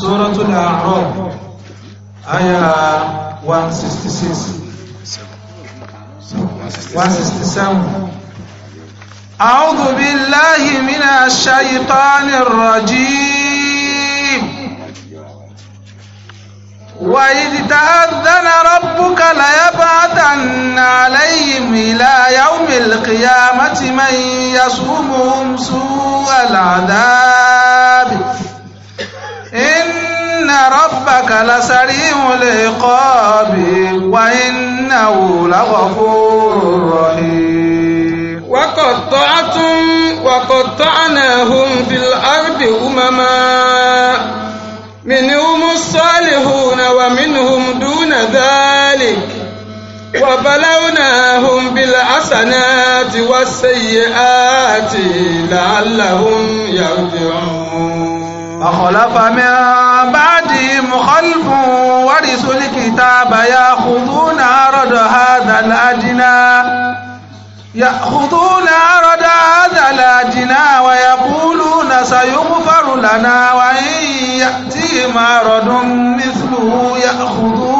Suratul A'raf àyà 166 167 أعوذ بالله من الشيطان الرجيم وإذ تأذن ربك ليبعثن عليهم إلى يوم القيامة من يصومهم سوء العذاب إن ربك لسريع العقاب وإنه لغفور رحيم وقطعتم وقطعناهم في الأرض أمما منهم الصالحون ومنهم دون ذلك وبلوناهم بالحسنات والسيئات لعلهم يرجعون فخلف من بعدهم خلف ورثوا الكتاب يأخذون عرض هذا الأدنى يأخذون عرض هذا الأدنى ويقولون سيغفر لنا وإن يأتيهم عرض مثله يأخذون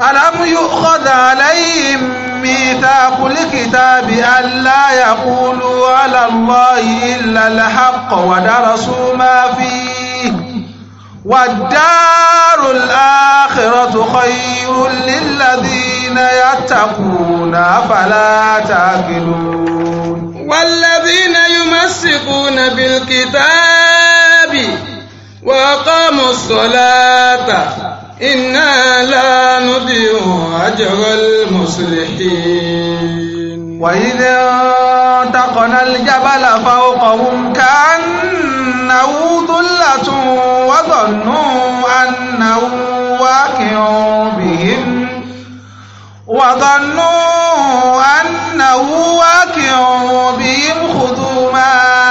ألم يؤخذ عليهم ميثاق الكتاب أن لا يقولوا على الله إلا الحق ودرسوا ما فيه والدار الآخرة خير للذين يتقون فلا تأكلون والذين يمسكون بالكتاب وأقاموا الصلاة إنا لا نضيع أجر المصلحين وإذا انتقنا الجبل فوقهم كأنه ظلة وظنوا أنه واقع بهم وظنوا أنه واقع بهم خذوا ما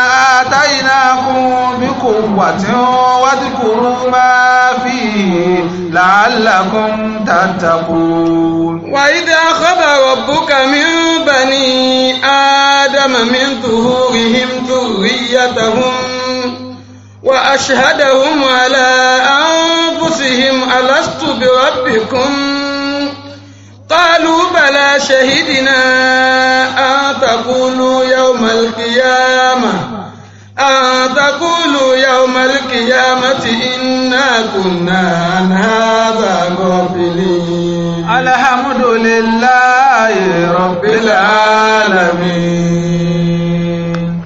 واتيناكم بقوه واذكروا ما فيه لعلكم تتقون واذا اخذ ربك من بني ادم من ظهورهم ذريتهم واشهدهم على انفسهم الست بربكم قالوا بلى شهدنا أن تقولوا الرحمة إنا كنا عن هذا غافلين الحمد لله رب العالمين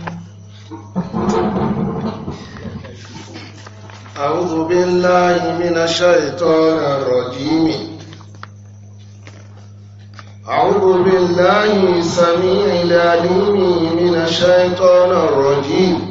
أعوذ بالله من الشيطان الرجيم أعوذ بالله السميع العليم من الشيطان الرجيم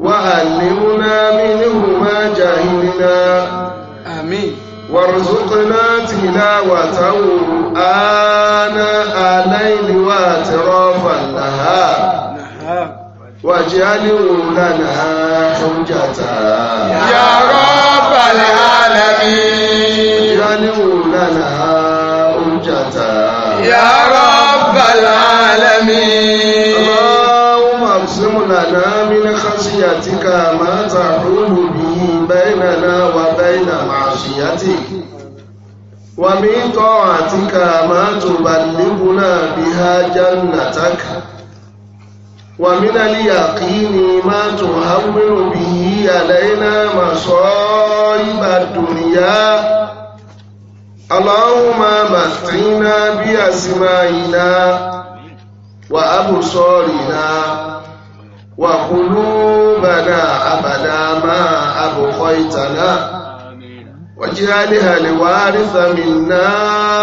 وعلمنا منه ما جهلنا آمين وارزقنا تلاوته آناء الليل وأطراف النهار واجعله لنا حجة يا رب العالمين واجعله لنا حجة يا رب العالمين واقسمنا لنا من خشيتك ما تحول به بيننا وبين معصيتك ومن طاعتك ما تبلغنا بها جنتك ومن اليقين ما تهون به علينا مصائب الدنيا اللهم متعنا بأسمائنا وأبصارنا وقلوبنا أبدا ما أبقيتنا واجعلها لوارث منا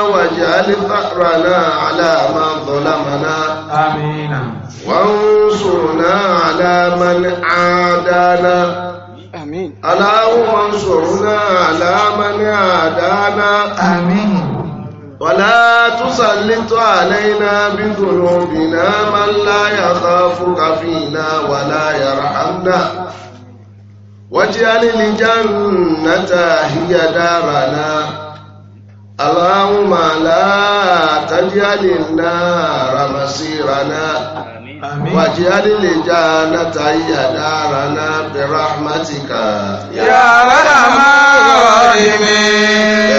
واجعل ثأرنا على من ظلمنا آمين وانصرنا على من عادانا آمين اللهم انصرنا على من عادانا آمين ولا تسلط علينا بذنوبنا من لا يخافك فينا ولا يرحمنا واجعل الجنة هي دارنا اللهم لا تجعل النار مصيرنا واجعل الجنة هي دارنا برحمتك يا أرحم الراحمين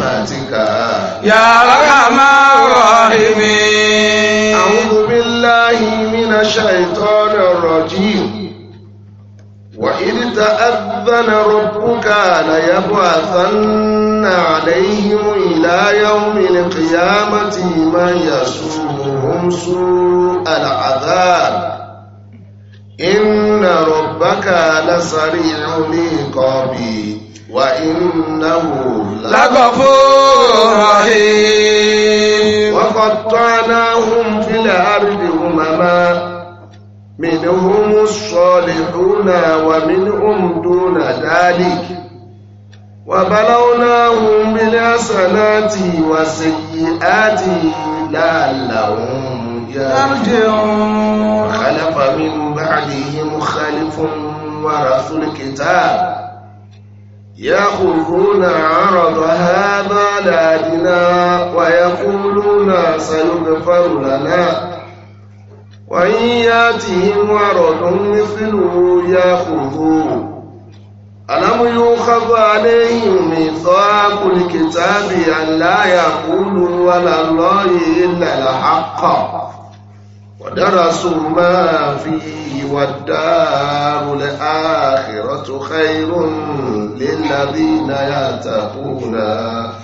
برحمتك يا أرحم الراحمين أعوذ بالله من الشيطان الرجيم وإذ تأذن ربك ليبعثن عليهم إلى يوم القيامة من يسومهم سوء العذاب إن ربك لسريع العقاب wà ináwó lágọ́fóró rahim wọ́n kọ́ tọ́ná hùn fílẹ̀ àrídì hùn màmá mìíràn sọ̀lẹ̀ lónà wà mìíràn dónà dálíkì وبلوناهم بالحسنات والسيئات لعلهم يرجعون خلف من بعدهم خلف ورثوا الكتاب يأخذون عرض هذا لادنا ويقولون سيغفر لنا وإن ياتهم عرض مثله يأخذوه ألم يؤخذ عليهم ميثاق الكتاب أن لا يقولوا على الله إلا الحق ودرسوا ما فيه والدار الآخرة خير للذين يتقون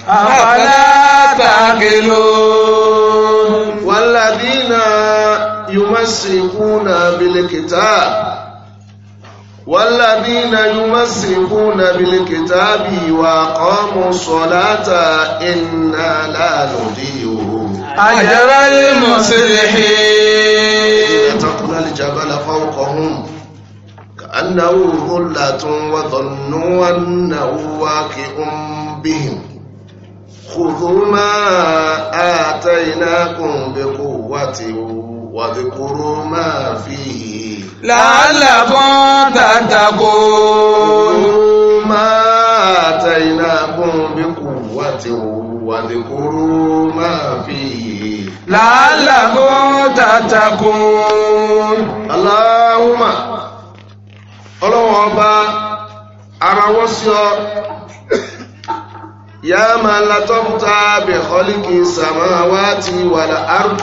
أفلا تعقلون والذين يمسكون بالكتاب والذين يمسكون بالكتاب وأقاموا الصلاة إنا لا نضيع أجر المصلحين تقل الجبل فوقهم كأنه ظلة وظنوا أنه واقع بهم خذوا ما آتيناكم بقوة واذكروا ما فيه لعلكم تتقون ما آتيناكم بقوة واذكروا ما فيه لعلكم تتقون اللهم ọlọ́wọ́ ọba arawọ́ sí ọ yá máa látọ́mùtà bẹ̀kọ́líkì sàmáwátì wàlà àrùn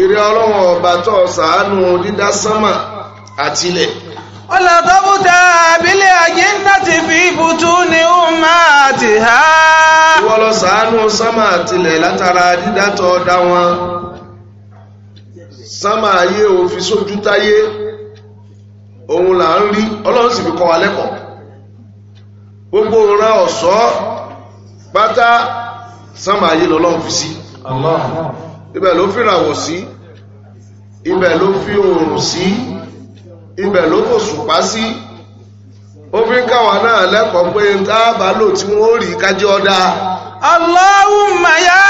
ìrẹ́ ọlọ́wọ́ ọba tó ṣàánú dídá sánmà àtilẹ̀ ọlọ́tọ́bùtà abílẹ̀ ajé ń tàti fi ibùtú ni ó máa ti há. ìwọ lọ sàánú sámà tilẹ̀ látara dídátọ̀ ọ̀dá wọn sámà ayé òfin sójú táyé òun là ń rí ọlọ́run sì fi kọ́ wa lẹ́kọ̀ọ́ gbogbo ìran ọ̀ṣọ́ pátá sámà ayé lọ́lọ́run fi sí ibẹ̀ ló fi ràwọ̀ sí ibẹ̀ ló fi oòrùn sí. Allah ibẹ̀ ló kò sùpá sí ó fi ń káwa náà lẹ́kọ̀ọ́ pé táàbà lò tí wọ́n rí kájọ́ ọ̀dà. Allahumma ya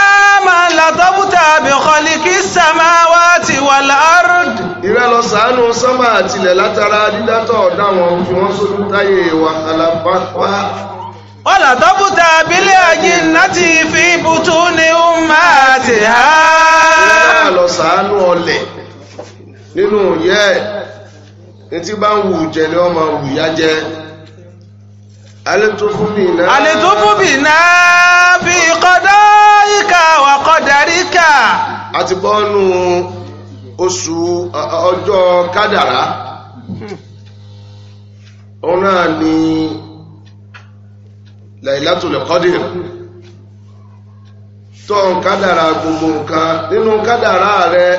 man latọ́bùtà bìkọ́lì kí samawati wal ard. ìrẹ́ lọ sàánú sánmà àtìlẹ̀ látara dídátọ̀ ọ̀dà fi wọ́n sójú táyé wàhálà pápá. Wọ́lá tọ́bùtà abílẹ̀ ajín láti fi ibùtú ni ó máa ti há. Ìrẹ́ lọ sàánú ọlẹ̀ nínú yẹ́ etí bá ń wù jẹ ni wọ́n máa wù yá jẹ alẹ́tọ́fúnbì náà bí kọ́dọ̀ ìkà wà kọ́dàríkà àti bọ́ọ̀nù oṣù ọjọ́ kádàrá òun náà ni làìlátòlẹ̀ kọ́dìrì tọ́ kádàrá gbogbo nǹkan nínú kádàrá rẹ̀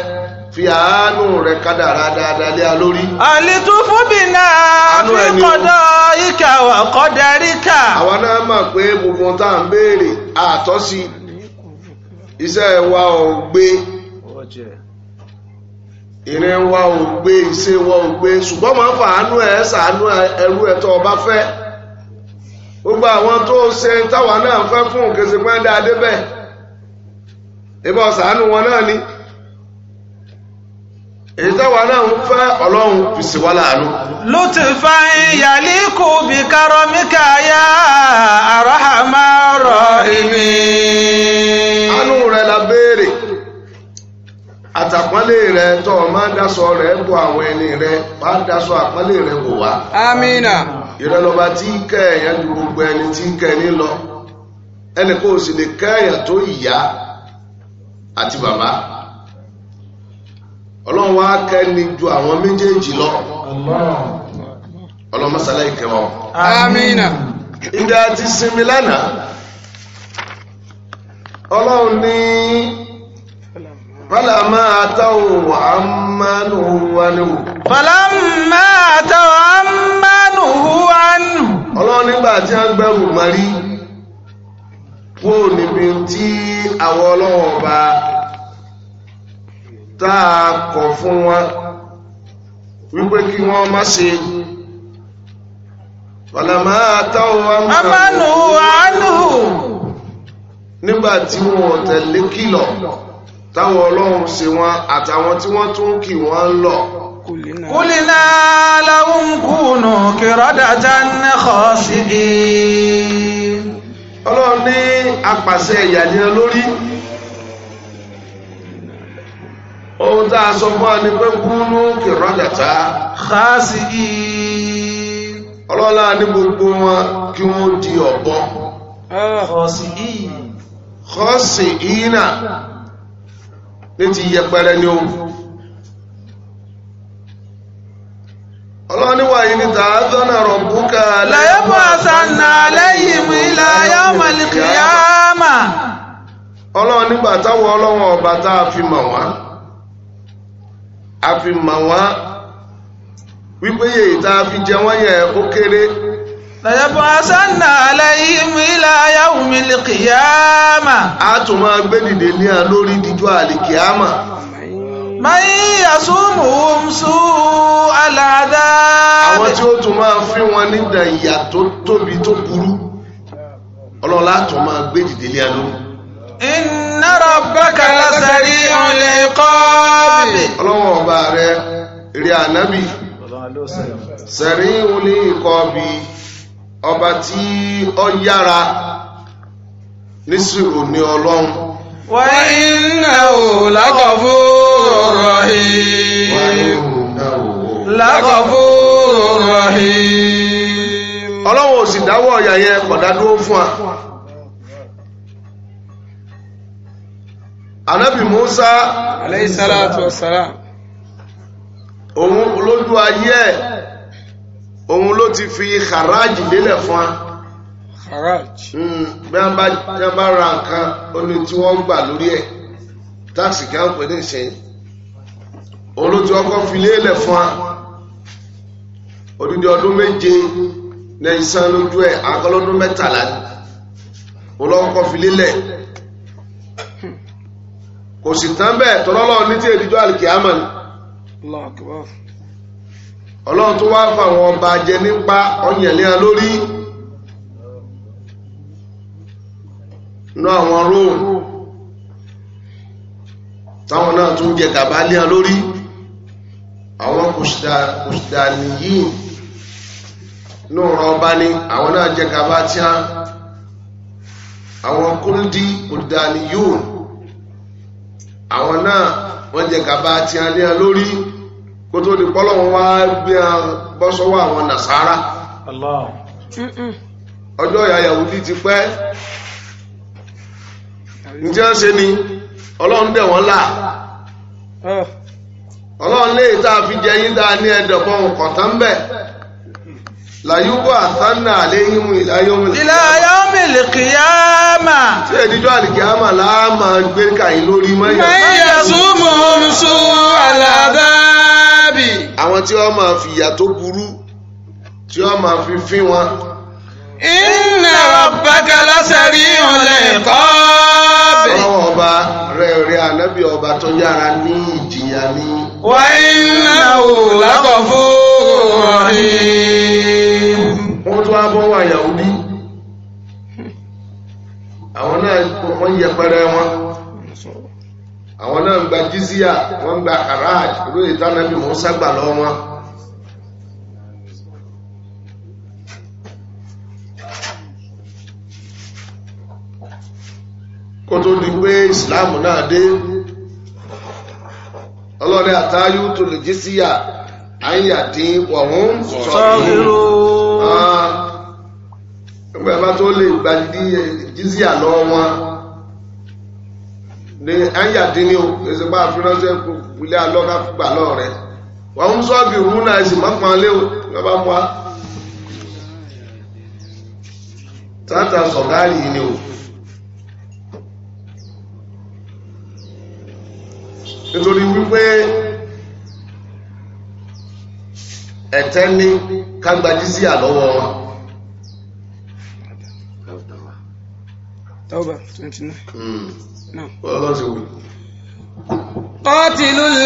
fi àánú rẹ̀ kádàrá dáadáa lé a lórí. àlítú fún mi náà fi kọ́dọ̀ ìkà wà kọ́dáríkà. àwa náà mọ̀ pé gbogbo tá à ń béèrè àtọ́sí iṣẹ́ wa ò gbé ìrìn wa ò gbé ìṣe wa ò gbé ṣùgbọ́n máa ń fàánú ẹ̀ ṣàánú ẹrú ẹ̀ tó ọba fẹ́ gbogbo àwọn tó ṣe táwa náà fẹ́ fún òkèsè pẹ́ńdà adébẹ̀ ìbọn ṣàánú wọn náà ni. èyí táwa náà ń fẹ́ ọlọ́run fi sì wá láàánú. ló ti fa ìyàlí kù bí kárọ àràhàmà rẹ̀ la béèrè àtàpọ́nlé rẹ̀ tó o máa ń daṣọ bọ àwọn ẹni rẹ máa ń àpọ́nlé amina. tí ń ju gbogbo ẹni tí ń ẹni lọ ẹnì kò sì lè ọlọ́run wá kẹ́ni ju àwọn méjèèjì lọ ọlọ́mọsálá ìkẹwọ́. amina. ibi a ti sinmi lánàá ọlọ́run ní fàlámà àtàwò àmánù wánìwò. fàlámà àtàwò àmánù ọlọ́run nígbà tí a ń gbẹ̀rù mọ́rí kúrò níbi tí àwọn ọlọ́run ọba tá a kọ̀ fún wọn wípé kí wọ́n má ṣe fàlàmà àtàwọn amánú àánú nígbà tí wọn tẹ̀lé kìlọ̀ táwọn ọlọ́run ṣe wọn àtàwọn tí wọ́n tún kì wọ́n ń lọ. kúlìlá lahum kùnà kiradatan khasi'in. ọlọ́run ní apàṣẹ ìyàlẹ́ lórí. ohun tá a ni pé kúnú kìrọ́jàtà xaasi yìí ọlọ́lá ní gbogbo wọn kí wọ́n di ọ̀bọ. xọ́ọ̀sì yìí xọ́ọ̀sì yìí náà ní ti yẹpẹrẹ ni o. ni tààzọ́nà rọ̀bùkà lẹ́yẹ́bọ̀ àsànà lẹ́yìn ìlà yọ́mà lìkìyàmà ọba tá a fi mọ̀ wá a fi mọ̀ wípé yèyí tá a fi jẹ wọ́n yẹn ó kéré. lọ́yọ̀bọ̀ sánà a tún máa gbé dìde ní a lórí díjọ́ àlìkìyàmà. máa yàsùnmù sùn aláàdá. àwọn tí ó tún máa fi wọn nídà ìyà tó tóbi tó burú ọlọ́lá tún máa gbé dìde إن ربك لسريع العقاب ọlọ́wọ́ ọba rẹ̀ rí ànábì sẹ̀rí olè kọ́bi ọba tí yára nísìrò ní ọlọ́run. wà iná o lákọ̀ọ́fù rọ̀hìn lákọ̀ọ́fù rọ̀hìn. ọlọ́wọ́ ò yẹn kọ̀dá anábì Musa alayhi salatu wassalam òun olójú ayé ẹ̀ òun ló ti fi kàráàjì lélẹ̀ fún wa kàráàjì hmm, bí wọ́n bá ra nǹkan ó ní tí wọ́n gbà lórí ẹ̀ táàsì kí wọ́n pè ní ìṣẹ́yìn òun ló ti ọkọ̀ fi lélẹ̀ fún wa odidi ọdún méje lẹ́yìn sán lójú ẹ̀ akọ́lọ́dún mẹ́tàlá olóńkọ́ fi lélẹ̀ kò sì tán bẹ́ẹ̀ tọ́lọ́lọ́ ní tí èdìjọ́ àlìkìámà ni ọlọ́run tó wá fáwọn ọba jẹ nípa ọ̀yẹ̀lẹ́ra lórí inú àwọn róòmù táwọn náà tún jẹ gàbá léra lórí àwọn kùsìdàníyìn inú ọ̀rọ̀ ọba ni àwọn náà jẹ gàbá tí àwọn kúndí kùsìdàníyìn àwọn náà wọ́n jẹ gàba tí a lórí kó tó di pọ́lọ́ wọn wá gbé bọ́ sọ́wọ́ àwọn nasara ọjọ́ ìyá Yahudi ti pẹ́ ǹjẹ́ ń ṣe ni ọlọ́run dẹ̀ wọ́n là ah. ọlọ́run lè tá a fi jẹ yín dáa ní ẹ̀dọ̀kan kọ̀tán bẹ́ẹ̀. làyúbọ̀ àtànà àléhìmù ìláyọ́mù ìláyọ́mù ìlìkìyàmà tí ẹ̀díjọ́ àlìkìyàmà láàmà gbé kàyín lórí mọ́yà. mẹ́yà súnmọ́ nsú alábàábì. àwọn tí wọ́n máa fi ìyà tó burú tí wọ́n máa fi fín wọn. inna rabbaka lásàrí ìrànlẹ̀ kọ́ bẹ̀. ọlọ́wọ́ ọba rẹ̀ rí ànábì ọba tó yára ní ìjì ìyá mi. wà á iná wò lákọ̀ fún ọ̀rìn. wọ́n tún wá bọ́ wà Yahudi àwọn náà wọ́n yẹ pẹrẹ wọn àwọn náà ń gba jizíà wọ́n ń gba haraj olóyè tánàbí Mùsá gbà lọ́wọ́ wọn. kó tó di pé ìsìláàmù náà dé ọlọ́ni àtayú tó lè jí síyà ayàdín wọ̀hún sọ̀rọ̀ ẹgbẹ́ bá tó lè gbàdí jísíà lọ wọn ní ayàdín ní o èsì bá fi ránṣẹ́ ilé alọ́gá gbà lọ rẹ̀ wọ̀hún sọ́ọ̀bì òun náà èsì mọ́pàá lé o lọ́ba mọ́ a tààtà sọ̀gáàlì ni o. nítorí wípé ẹ̀tẹ́ ní kágbájí àlọ́wọ́ wa. tọ́ba twenty nine. ọlọ́run hmm. ṣe wù. قاتلوا ọlọ́run ní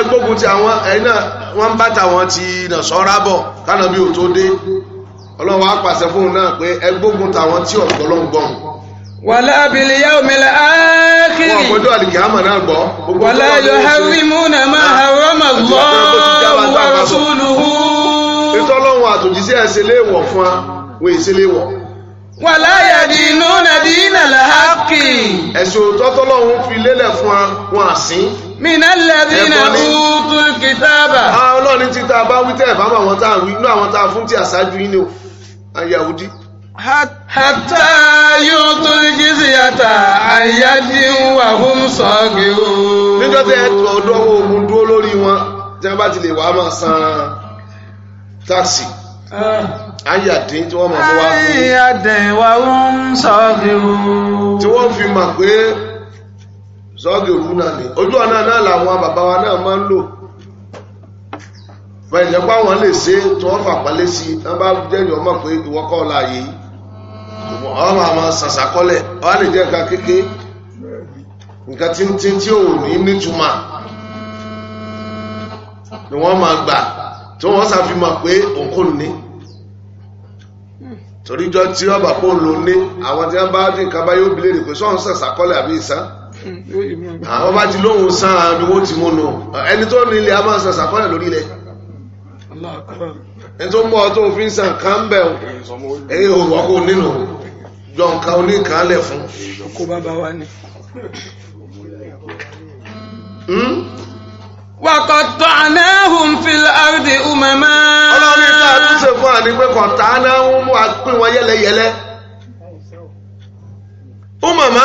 ẹgbógun ti àwọn ẹ̀yìn náà wọ́n ń bá tàwọn ti nàṣọ́ra bọ̀ kánà bí ò tó dé ọlọ́run wá pàṣẹ fóun náà pé ẹgbógun tàwọn tí ọ̀pọ̀lọ́ ń gbọ́n wàlá abìlẹ̀ yá omi la ákìrì. wọn kò jọ àlìkàmà náà gbọ́. wàlá yóò hárí mú nà má harama lọ́wọ́ wa rasuluhu. ètò ọlọ́run àtòjíṣẹ́ ẹ̀ṣẹ̀ léèwọ̀ fún wa wọ́n èṣẹ̀ léèwọ̀. wàlá yàdì inú nàdí nàlá ákì. ẹ̀sùn tọ́tọ́lọ́run fi lélẹ̀ fún wa wọn àsín. mina lẹ́dínà utul kitaba. Ah, ọlọ́run ti ta bá wí àwọn tá a wí inú àwọn tá a fún ti àṣáájú yín ni o àyàwó dí hàtà yóò tó jí sí yàtà àyájíwà fún sọ́ọ̀gì o. níjọ́ tí ọ̀dọ́ ogun dúró lórí wọn tí wọ́n bá ti lè wá máa san táksì ah. ayàdín tí wọ́n máa mú wá fún un. wà fún sọ́ọ̀gì o. tí wọ́n fi mọ̀ pé sọ́ọ̀gì òru náà ni ojú ọ̀nà náà làwọn bàbá wa náà máa ń lò fẹ̀yìnlẹ́pọ̀ àwọn lè ṣe tí wọ́n fà pálẹ́ sí i tí wọ́n bá jẹ́yìn ọmọ pé ìwọ́kọ̀ ọ̀la yìí fún ọlọ́run àmọ́ sàṣàkọ́lẹ̀ ọwá lè jẹ́ nǹkan kéèké nǹkan tí ń tí tí ò ní nítumà ni wọ́n máa gbà tí wọ́n sàfihàn pé òǹkùn ní toríjọ tí ọba kó lò ní àwọn tí wọ́n bá dín nǹkan bá yóò bi léèrè pé sọ́run sàṣàkọ́lẹ̀ àbí ìsán àwọn bá ti lóhun sáà ni wọ́n ti múnu ẹni tó ní ilẹ̀ a máa sàn lórí ilẹ̀ ẹni tó mọ́ ọ tó fi ń sàn kán bẹ̀ ẹ̀yìn òwò ọkọ̀ nínú jọ nǹkan oníkanlẹ̀ fún. ọkọ bàbá wa ni. wàkọ̀ tọ́ anáhùn fil ardi umama. ọlọ́run ká àtúnṣe fún àní pé kọ̀ǹtà anáhùn mú àpín wọn yẹ́lẹ́yẹ́lẹ́. umama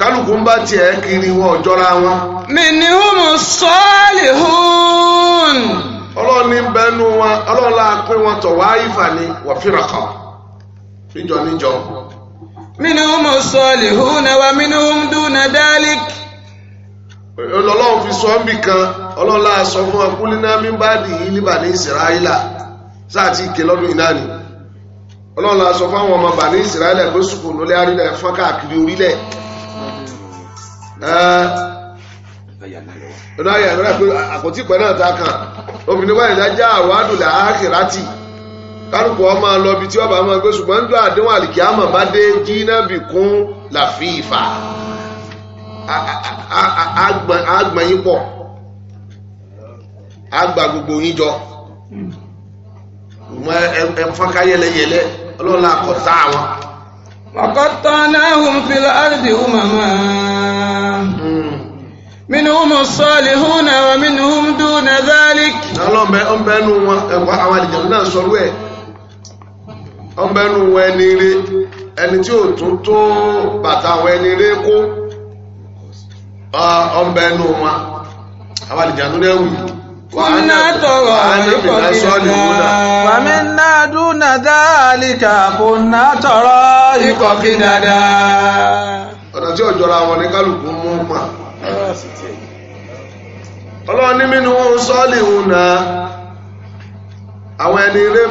kálukú ń bá tiẹ̀ kiri wọn wọn. mi ni humu sọ́ọ̀lì níjọ níjọ. minhum salihun wa minhum duna dalik. ọlọ́run fi sọ ọ́nbì kan ọlọ́lá sọ fún wa kúlínà mímbàdì yìí ní ìsìráyìlà sáà lọ́dún yìí náà ni ọlọ́run ọmọ bàní pé lólé àrílẹ̀ káàkiri orílẹ̀ pé àkótí pẹ̀lú ọ̀tá kan obìnrin dájá kálukú ọmọ lọbi tí ọba máa gbé ṣùgbọ́n ń jọ àdéhùn àlìkí àmọ̀ bá dé jínàbì kún làfíìfà àgbọ̀n yín pọ̀ àgbà gbogbo yín jọ yẹlẹyẹlẹ ọlọ́run àkọ́tà wọn. nu àwọn wọ́n bẹ́nu wọn ẹni rí ẹni tí ò tún tó bàtà àwọn ẹni rí kó wọn àwọn àlìjánu náà wù. Kúnná tọrọ àríkọ̀ kìlá, wàmí náà dúnà dáàlìkà, kúnná tọrọ ikọ̀ kí dáadáa. Ọ̀nà tí òjọra wọn ní kálukú mú mà. Ọlọ́run ní mímú sọ́ọ̀lì hùn náà, àwọn ẹni ilé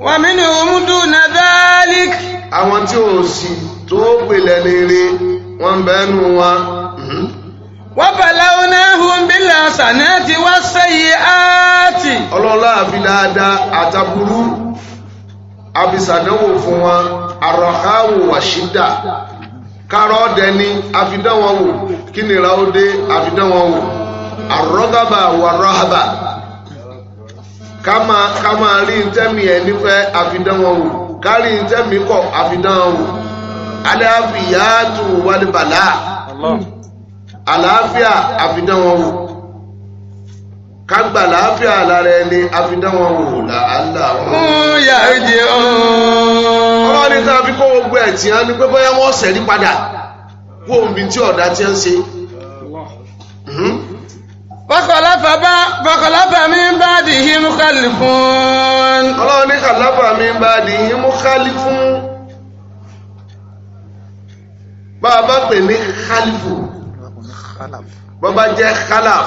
wà mí ni òun dùn náà dáálík. àwọn tí ò sì tó gbèlẹ̀ rere wọ́n ń bẹ́ẹ̀ nù wọn. Mhm. wọ́n bẹ̀lẹ̀ onáhùn bílẹ̀ sànà tí wọ́n sẹ́yìn áàtì. ọlọ́lá àfi dáadáa àtàbúrú àbísàdánwò fún wọn àròkáwò wàṣídà kárọ̀ dẹni àfidánwò wò kí nìra ó dé àfidánwò wò àrọ́gàbà wà E ka ma rí ntẹ́mi ẹ̀ nífẹ̀ẹ́ àfidán wọn wò rí ntẹ́mi kọ̀ àfidán wọn wò aláfíàtù wàlúbàlà àlàáfíà àfidán wọn wò ka làáfíà lára ẹni àfidán wọn wò làálà wọn. ó yà á jẹ ọ́. ọlọ́run ní sáfi kó gbogbo ẹ̀ tí ti fakọláfà bá fakọláfà mi ń bá di yín mú kálí fún. ọlọ́run ní kàláfà mi ń bá di yín mú kálí fún. bá a bá pè ní kálífù bá bá jẹ́ kálàf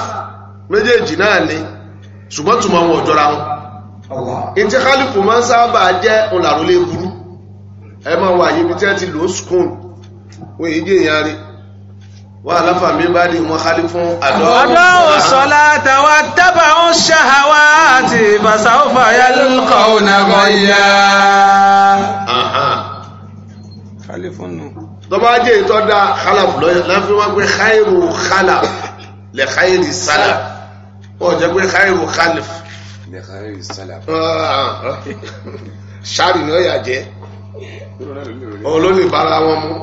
méjèèjì náà ni ṣùgbọ́n tùmọ̀ wọn ò jọra wọn. ìtí kálífù máa ń sábà jẹ́ òǹlàrólé burú ẹ máa wà yíbi tí wọ́n ti lò ó sùkúùn wọ́n èyí jẹ́ èèyàn rí wà láfà mi bá di wọn kálí fún àdó ọdọ òsọlá tàwa dábàá ń ṣàhàwá àti ìfàsáwọ́fà yá lóko ònàgọ́ yá. kálí fún nù. tọ́ba jẹ́ ìtọ́ da kálà lọ́yẹ̀ láfi wá pé khairu kálà lè khairi sala. ó jẹ́ pé khairu kálif. lè khairu sálà. Ah, ah. sáré ni ó yà jẹ́ olólùbára wọn mú.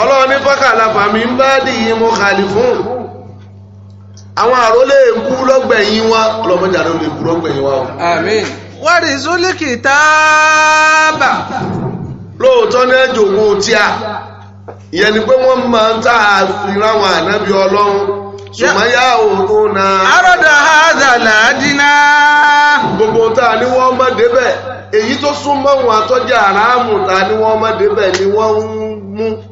ọlọ́run ní fọ́kàlà fàmí ń bá dìyí mo kàlì fún àwọn àrólé èkú lọ́gbẹ̀yìn wa ọlọ́mọdé àrólé èkú lọ́gbẹ̀yìn wa o. àmín. wárí zulikì táàbà. lóòótọ́ ní ẹjọ́ òun a ìyẹn ni pé wọ́n máa ń ta ànábì ọlọ́run yá òun àròdà gbogbo wọ́n mọ̀ débẹ̀ èyí tó súnmọ́ wọn àtọ́jà aráàmù ni wọ́n mọ̀ débẹ̀ ni wọ́n ń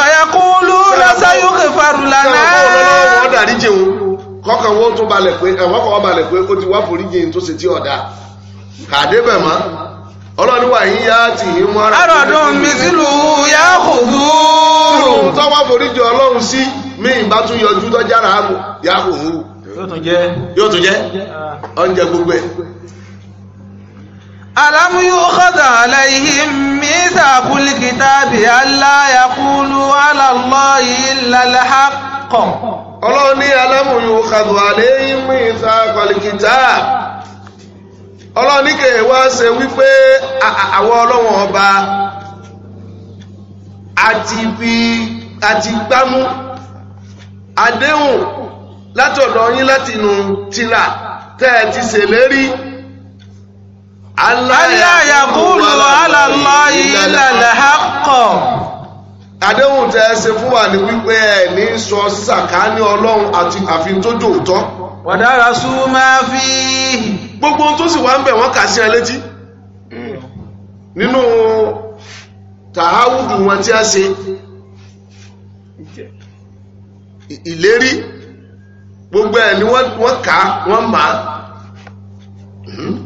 ọ̀yàkúlùúnà ụlọ lánàá. ọlọ́wọ́ wọn dàrí jẹun kọ́kàn wọn tún balẹ̀ pé ẹ̀wọ́n kan wọn pé ó ti wá foríjì tó ṣe ti ọ̀dà kàdé tì í kò tọ́wọ́ foríjì ọlọ́run sí mi ìbá tún yọjú kò yóò tún jẹ́ ألم يؤخذ عليهم ميثاق الكتاب ألا يقولوا على الله إلا الحق ọlọ́run ní alamu yóò kàdùn àléyìn mú ìsàkọ̀lìkìtà ọlọ́run ní kèé wá ṣe wípé àwọn ọlọ́wọ̀n ọba àti fi àti gbámú àdéhùn látọ̀dọ̀ yín látinú tìlà tẹ́ ẹ ti ṣèlérí aláyàkúlù alàlá ìlàlẹ̀ àkọ́. àdéhùn tẹ́ ẹ ṣe fún wa ní wípé ẹ ní sọ sísàkání ọlọ́run àti àfin tó jòótọ́. wàdára sún máa fi. gbogbo ohun tó sì wá ń bẹ̀ wọ́n kà sí ẹ létí. nínú tàháwùdù wọn tí a ṣe ìlérí gbogbo ẹ̀ ni wọ́n kà wọ́n máa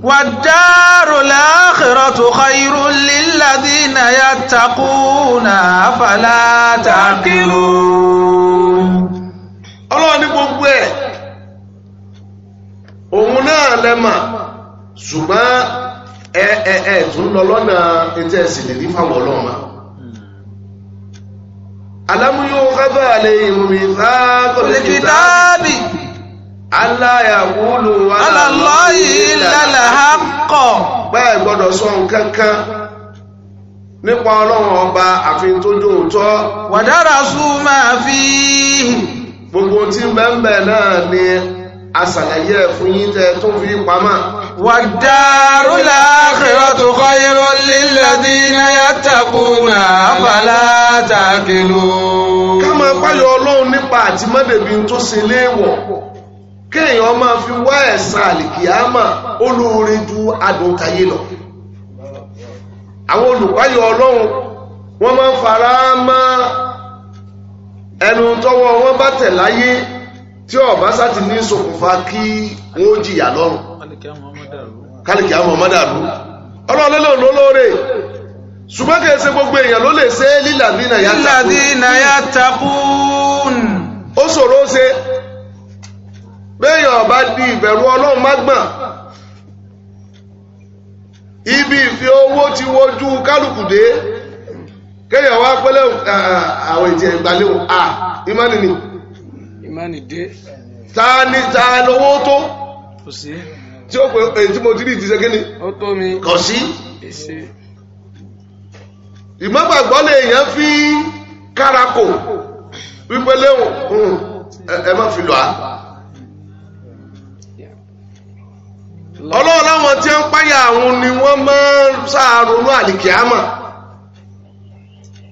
wàdàrú làákìrọ̀ tó xayiru lílàdínà yà takùnà àfàlà tàkìrù. ọlọ́run ní gbogbo ẹ̀ òun náà lẹ́mà ṣùgbọ́n ẹ ẹ ẹ tún lọ lọ́nà etí ẹ̀sìn lè fáwọn ọlọ́run alámúyó kábàlẹ̀ ìrùmí sáà kò lè aláyàwúlò alàlọ́yì lálẹ́ ha kọ̀. bẹ́ẹ̀ gbọ́dọ̀ sọ nǹkan kan nípa ọlọ́run ọba àfin tó jó òótọ́. wàdára sùn máa fi. gbogbo tí bẹ́ẹ̀ náà ni asàlàyé ẹ̀ fún yín tẹ́ tó fi pamọ́. wàdàrú làákìrọ̀ tó kọ́ irọ́ lílẹ̀ dínà yàtàkùnà àfàlà tàkìlù. ká máa pààyàn ọlọ́run nípa àtìmọ́débí tó ṣe léèwọ̀. kéèyàn máa fi wá ẹ̀san àlìkìyàmà olóore ju adùn lọ àwọn olùpáyọ ọlọ́run wọ́n máa ń fara mọ́ ẹnu tọ́wọ́ wọ́n bá tẹ̀ láyé tí ọ̀bá sáti ní ṣokùnfà kí wọ́n jìyà lọ́run kálìkìyàmà ọmọdàlú ọlọ́run lọ́lọ́run lólóore ṣùgbọ́n kìí ṣe gbogbo èèyàn ló lè ṣe lílàdínà yàtàkùn ó ṣòro ṣe béèyàn ọba di ìbẹ̀rù ọlọ́run má gbọ̀n ibi ìfi owó ti wojú kálukú dé kéèyàn wá pẹ́lẹ́ àwọn ètò ìgbàlẹ̀ à ìmánì ni ìmánì dé ta ni ta lówó tó kò sí tí ó pè èyí tí mo ti rí ti ṣe kíni ó tó mi kò sí ìmọ̀gbàgbọ́ lè yàn fi kárako wípé léwu ẹ má fi lọ ọlọ́run láwọn tí ń páyà àwọn ni wọ́n máa ń sáàrùnú àlìkìámà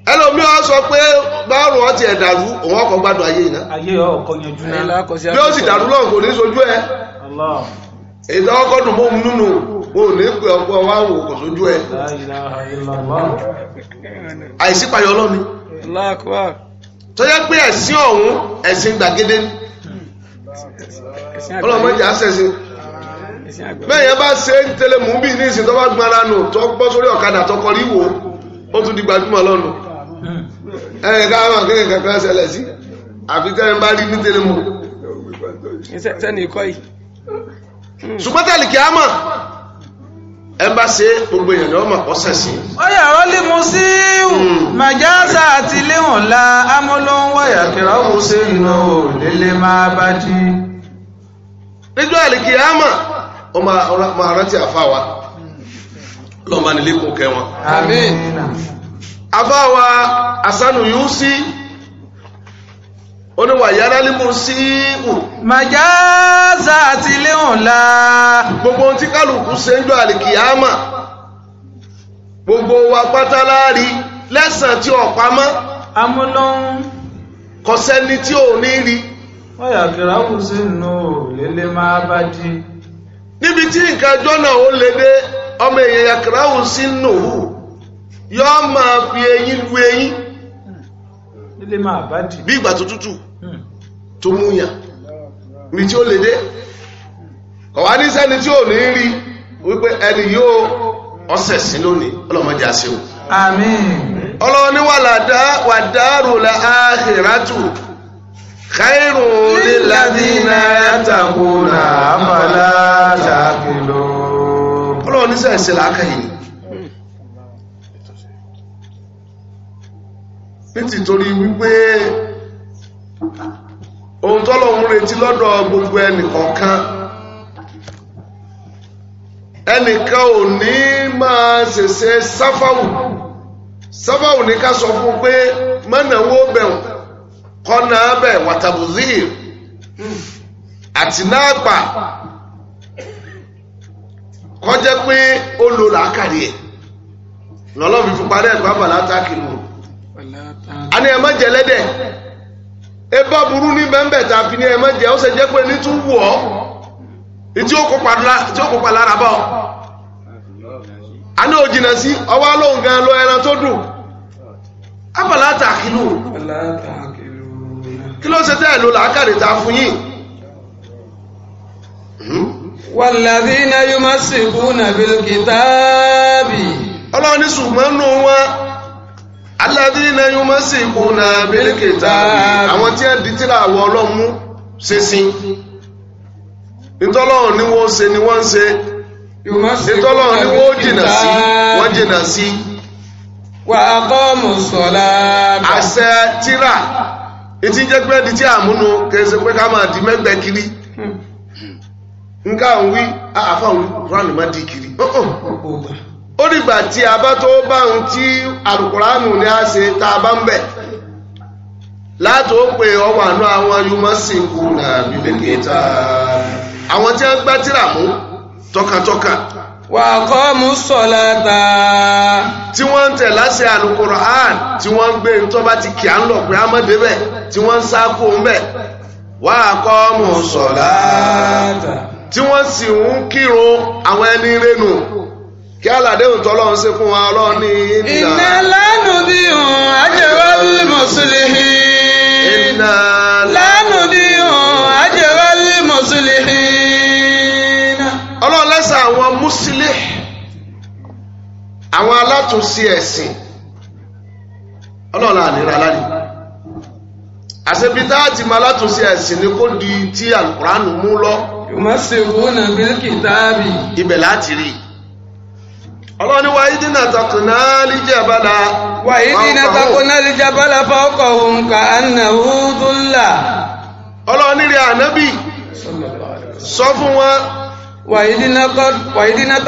ọ sọ pé báwọn wọn ti ẹ̀ dàrú òun ọkọ̀ gbádùn ayé iná bí ó sì dàrú lọ́run kò ní sojú ẹ èdè ọkọ̀ dùn mọ́ nínú wọn ò ní pè ọkọ̀ wá wò kò sojú ẹ àìsípayọ ọlọ́ni tó yẹ pé ẹ̀sìn ọ̀hún ẹ̀sìn gbàgede ọlọ́mọdé àṣẹ̀sìn bẹ́ẹ̀ yẹn bá ṣe ń tẹ́lẹ̀ mú bí ní ìsìn tó bá gbára nù tó bọ́ sórí ọ̀kadà tó kọrí wò ó tún di gbajúmọ̀ lọ́nu hmm. ẹ̀yìn ká àwọn akéèyàn kankan ṣẹlẹ̀ sí àfi tẹ́lẹ̀ bá rí ní hmm. tẹ́lẹ̀ mú. ṣùgbọ́n tẹ̀lì kí á mọ̀ ẹ bá ṣe gbogbo èèyàn ni wọ́n mọ̀ ọ́sẹ̀ sí. ó yà ó lè mú hmm. sí màjáàsá àti léhùn la amúlóńwọ̀yà kìrọ̀ wù sí ìnáwó délé máa bá jí. níjọ́ àlìkìyàmọ̀ ó máa rántí àfa wa lọ́mọ nílékún kẹ wọn. àmín. àfa asanu yóò sí oníwà yàrá límú sí ìwù. màjáàsà àti léhùn la. gbogbo ohun tí kálukú ṣe ń jọ àlìkìyàmà gbogbo wa pátá láàrí lẹ́sàn tí ó pamọ́. amúnáhùn. kọsẹ́ni tí ò ní rí. wọ́n yà kíra kù sínú máa bá dín. níbi tí nǹkan jọ́nà ó lè dé ọmọ èèyàn yàkàràwù sí nùhù yóò máa fi eyín lu eyín bí ìgbà tó tútù hmm. tó múyàn tí ó lè dé kọ̀wá ní sẹ́ni tí ò ní rí wípé ẹni yóò lónìí ọlọ́mọdé la khairu lilladhina yatakuna afala taqilu ọlọ́run ní sẹ́ẹ̀sẹ̀ nítorí wípé ohun tọ́lọ́run retí lọ́dọ̀ gbogbo ẹnìkọ̀ọ̀kan ẹnìkan ò ní máa ṣẹ̀ṣẹ̀ sáfàwù sáfàwù ní ká sọ fún pé mọ́nà kọ na wàtàbùzír àti náà kọjá pé ó lo làákàrí ẹ̀ lọ́lọ́fi fún parí ẹ̀ pápá látàkì a ní má jẹ lẹ́dẹ̀ ẹ bá burú ní bẹ́ńbẹ̀ fi ni ẹ má jẹ ó sì jẹ́ pé ní tún wù ọ́ tí ó kópa lára a ní sí ọwọ́ lóhùn gan lo ẹran tó dùn kí ló ṣe tẹ́ẹ̀ ló làákàrẹ̀ ta fún yìí wàlàdínà yóò máa sìnkú nàbílù kìtàbì ọlọ́run ní ṣùgbọ́nù wọn aládínà yóò máa sìnkú nàbílù kìtàbì àwọn tí ẹ̀ tíra àwọ̀ ọlọ́mú ṣe sí nítọ́lọ́run ni wọ́n ṣe ni wọ́n ṣe nítọ́lọ́run ni wọ́n jìnà sí wọ́n jìnà sí wà á kọ́ àṣẹ tíra etí jẹ́ pé ẹni tí àmúnu kẹsẹ̀ pé ka ma dị mẹ́gbẹ́ kiri hmm. nǹkan àwọn wí àfa òun kiri oh, oh. ó tí a bá tó bá òun tí àlùkùránù ni a ṣe tá a bá bẹ̀ wà kọ́ mú sọ̀lá ta. tí wọ́n ń tẹ̀ láṣẹ alukur'an tí wọ́n ń gbé tó bá ti kì á ń lọ pé á mọ̀ débẹ̀ tí wọ́n ń sá kó ń bẹ̀ wà kọ́ mú ta. tí wọ́n sì ń kírun àwọn ẹni rẹ́nu kí aládéhùn tọ́lọ́run ṣe fún wa ọlọ́run ní ìlànà. tún ẹ̀sìn ọlọ́ọ̀la àníra lárí ti ẹ̀sìn ni kò di tí alukuraanu mú lọ. ìmọ̀ sí owó náà rí ọlọ́ni wa yìí dínà takùnà lìjẹ́ wa yìí dínà lìjẹ́ òun sọ fún wa yìí dínà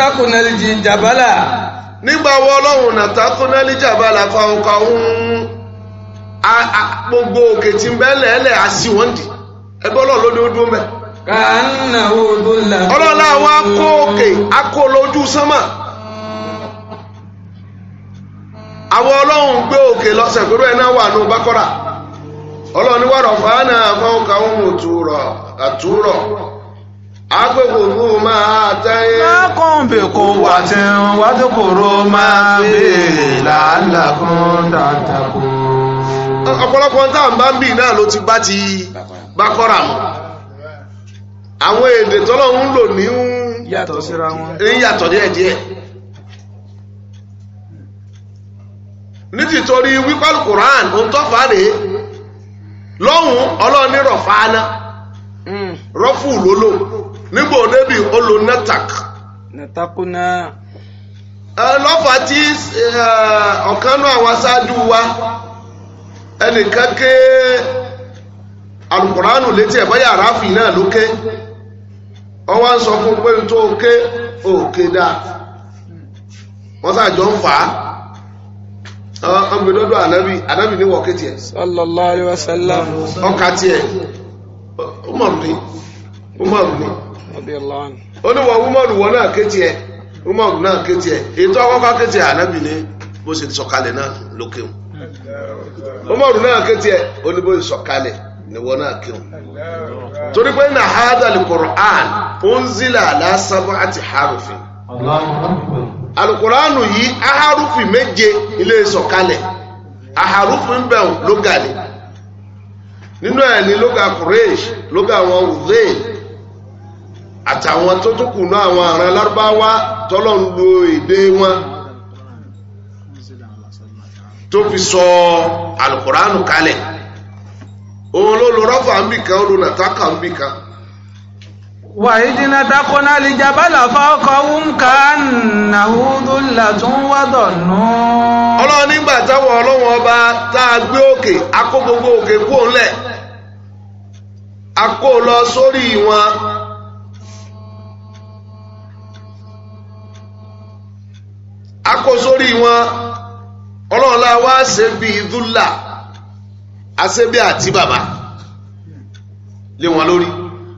lìjẹ́ nígbàwọ́ ọlọ́run nàtàkùnà ọkọ̀ ọ̀hún gbogbo òkè tí ń bẹ́ ẹgbẹ́ ọlọ́run ló ní ó dúró mẹ́. ọlọ́run àwọn akó òkè akó lójú sánmà àwọn ọlọ́run gbé òkè lọ́sẹ̀ pẹ̀lú ẹ̀ náà wà ní bákọ́rà ọlọ́run ní wàrọ̀ fàánà fọ́nkà òun agbẹ́kùnrú máa tẹ́yẹ. lákọ̀ọ́bẹ̀kọ̀ wà tí wà tó kòrò máa béèrè ọ̀pọ̀lọpọ̀ tá à ń bá ń bì náà ló ti bá ti bákọ́ra mọ́. àwọn èdè tọ́lọ̀ ń lò ní ń yàtọ̀ wípé alukoran Mm. rọ́fù lólò nígbò níbi olò natak. natakuna. lọ́fà tí ọ̀kan náà àwọn aṣáájú wa ẹnìkan ké alukóránù létí ẹ̀ báyà ráfì náà lókè wọ́n wá ń sọ fún pé tó ké òkè dáa wọ́n sàjọ ń fà á ọmọdé lọ́dọ̀ ànábì ànábì ní wọ́ọ̀kẹ́ tiẹ̀. sallallahu alaihi ọkà umaru ni umaru ni ó ní wọ́n náà kéjì ẹ̀ umaru náà kéjì ẹ̀ ètò àkọ́kọ́ kéjì ẹ̀ ànábì ni bó ṣe sọ̀kalẹ̀ náà lókè wọn umaru náà kéjì ẹ̀ ó ṣe sọ̀kalẹ̀ ni wọ́n náà kéwọn torí pé harufin yìí nínú ẹ̀ ní lóga Quraysh lóga àwọn Uzayn àtàwọn tó tún kù náà àwọn àrùn alárúbáwá tọ́lọ̀ ń èdè wọn tó fi sọ alukóránù kalẹ̀ òun ló lo rọ́fà ń bì ó lo nàtàkà ń bì وإذ نتقنا الجبل فوقهم كأنه ذلة وظنوا ọlọ́run nígbà táwọn ọlọ́run ọba tá a gbé òkè a gbogbo òkè kúrò ńlẹ̀ a lọ sórí sórí wọn àti bàbá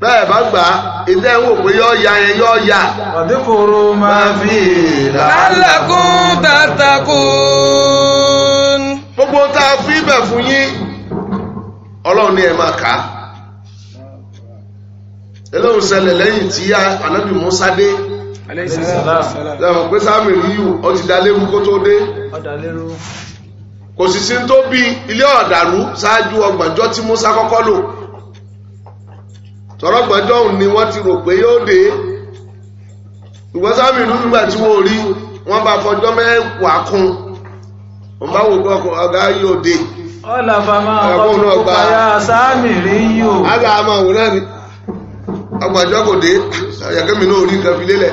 bẹ́ẹ̀ bá gbà ìdẹ́ ń wò pé yọ́ ya yẹn yọ́ ya. ọ̀dẹ́kùnrún máa fi làálàkùn tàtàkùn. gbogbo tá a fi bẹ̀ fún yín ọlọ́run ni ẹ máa kà á. eléyìí ṣẹlẹ̀ lẹ́yìn tí ànábì Mùsá dé. lẹ́wọ̀n pé sáàmì ríyù ó ti dá léwu kó tó dé. kò sì sí tó bí ilé ọ̀dàrú ṣáájú ọgbàjọ́ tí Mùsá kọ́kọ́ lò tọ́rọ́gbọ́jọ́ òun ni wọ́n ti rò pé yóò dé ṣùgbọ́n sáàmì ìlú nígbà tí wọ́n rí wọ́n bá fọjọ́ mẹ́wàá kún wọ́n bá wò pé ọ̀gá yóò dé. ọ̀làfàmà ọ̀pọ̀ ọ̀yà sáàmì rí yóò. àgbà àmọ́ òun náà ni ọgbàjọ́ kò dé ọ̀yàkẹ́mi náà rí nǹkan fi lélẹ̀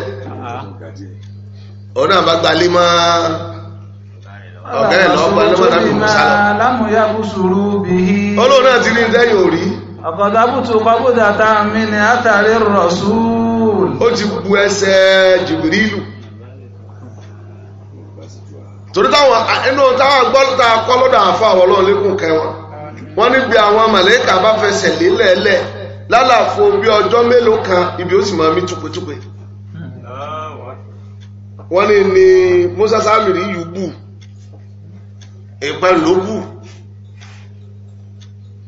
òun náà gbalé mọ́ ọ̀gá ẹ̀ lọ́ọ́ ọ̀kọ̀dábùtù kọbúdà tá a mi ni àtàrí rọ̀súùl ó ti bu ẹsẹ̀ jìbìrìlù torí táwọn inú táwọn gbọ́lọ́ta kọ́ lọ́dọ̀ àfa àwọn ọlọ́ọ̀lẹ́kùn kẹwọn wọ́n ní bí àwọn màlẹ́kà bá fẹsẹ̀ lélẹ̀ẹ́lẹ̀ lálàfo bí ọjọ́ mélòó kan ibi ó sì máa mí túpẹ́túpẹ́ wọ́n ní ní Musa Samiri yìí ìpẹ́ ló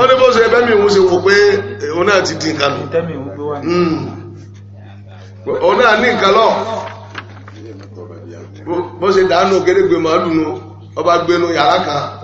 ó ní bó ṣe ẹbẹ́ mi òun ṣe wò pé òun náà ti di nǹkan lọ hmm. òun náà ní nǹkan lọ bó ṣe dànù kérégbé màálù nu ọba gbénu yàrá kan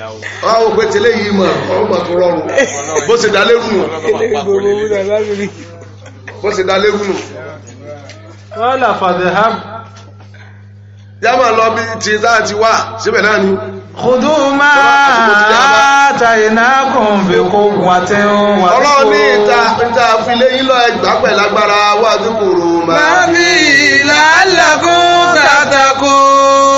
ọ ò pé tẹ́lẹ̀ yìí mọ̀ ọmọ tó rọrùn bó ṣe dá lérú nù bó ṣe dá lérú nù. kọ́lá fàdéhàm. yàmà lọ bí ti dá ti wá síbẹ̀ náà ni. kùdú máa ta iná kan fi kó wà tẹ́ ó wà tó. ọlọ́run ní ìta ìta àfilé yín lọ ẹgbàá pẹ̀lú agbára wà dúkùrú máa. mami làálàkùn kàtàkùn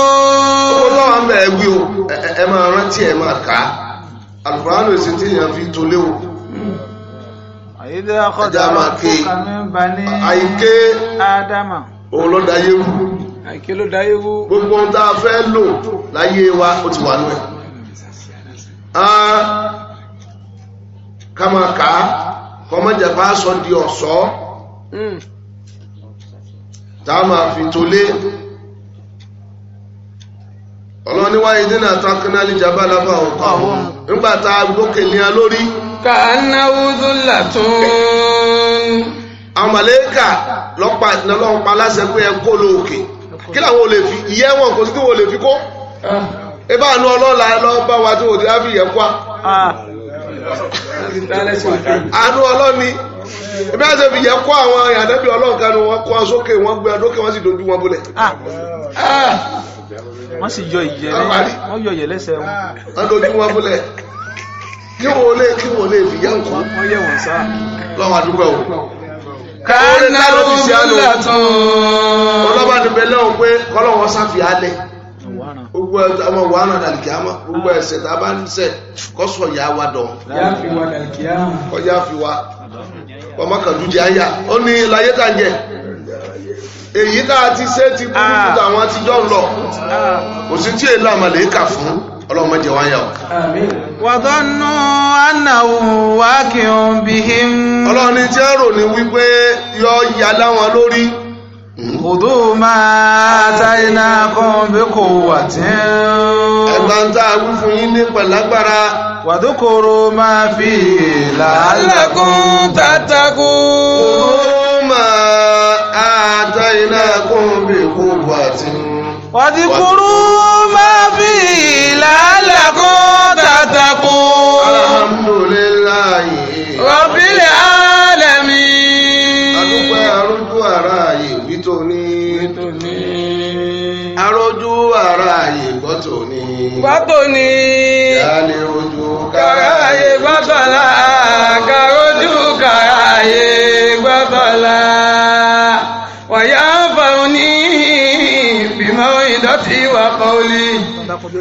ẹ máa rántí ẹ máa kà á alukóran ló sì ti yàn fi tó léwu. ẹja máa ké àyíké òun ló da yé wú àyíké ló da yé wú gbogbo ohun tá a fẹ́ lò láyé wa ó ti wà lóye. ká máa kà á kọ́mọ́jà bá sọ di ọ̀ṣọ́ hmm. tá a máa fi tó lé. ọlọ́run níwáyé dínà takanali jabala bá ọkọ̀ nígbà tá a gbókè ní a lórí. kànáwó dúlà tún. àmàlẹ́kà lọ́pàá aláṣẹ pé ẹ kó ló òkè kí làwọn ò lè fi ìyẹ́ wọn kò sí kí wọn ò lè fi kó. ebá àánú ọlọ́la lọ bá wa yẹ kwa. ọlọ́ni àti ebi yẹ kó àwọn kó gbé adókè sì dojú wọn wọ́n sì yọ ìyẹ́ wọ́n yọ ìyẹ́ lẹ́sẹ̀ wọn. wọ́n dojú wọn múlẹ̀ kí wọ́n lè kí wọ́n lè fi yẹ nǹkan. wọ́n yẹ wọ́n sá. lọ́wọ́ àdúgbò o. kánà ló ń bẹ̀rẹ̀ tán. ọlọ́ba ni bẹ́ẹ̀ lọ́wọ́ pé kọ́lọ́wọ́ sáfì alẹ́. gbogbo ọmọ wa náà dàlìkì àmọ́ gbogbo ah. ẹ̀ṣẹ̀ tá a bá ń ṣẹ̀ kọ́sọ̀ yà wá dọ̀. ọjà fi wa dàlìkì àmọ́. ọjà fi wa ọmọ kan ó ní láyé tà ń jẹ èyí tá a ti ṣe ti burú ju ah. àwọn àtijọ́ lọ ah. kò sí tí èlò àmàlẹ́ kà fún ọlọ́mọ jẹ wáyà o. wàdánù anáwó wákìún bíi. ọlọ́run ní jẹ́ rò wípé yọ ya láwọn lórí. kùdú máa táyínà kan bí kò wà tí ń. ẹ̀gbọ́n tá a wí fún yín ní pẹ̀lágbára. wàdókòrò máa fi làálàkùn tàtàkùn. وما آتيناكم بقوة واذكروا ما فيه لعلكم تتقون الحمد لله رب العالمين adúpẹ́ arójú ara ààyè wí tòní arójú ara ààyè gbọ́ tòní gbọ́ tòní ìyá lè rojú kára ààyè bàbá láàyè. قولي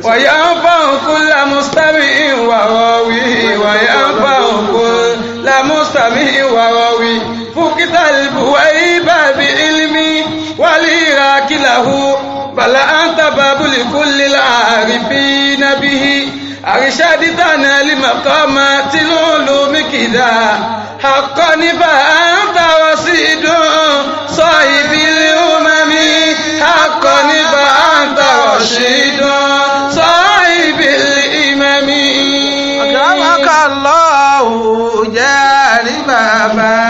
وينفع كل مستمع وراوي وينفع كل مستمع وراوي فكت البويب بعلمي وليراك له بل أنت باب لكل العارفين به أرشدتنا لمقامات العلوم كذا حقا فأنت وسيد صحيح مرشدا صاحب الإمم أكرمك الله جارب ما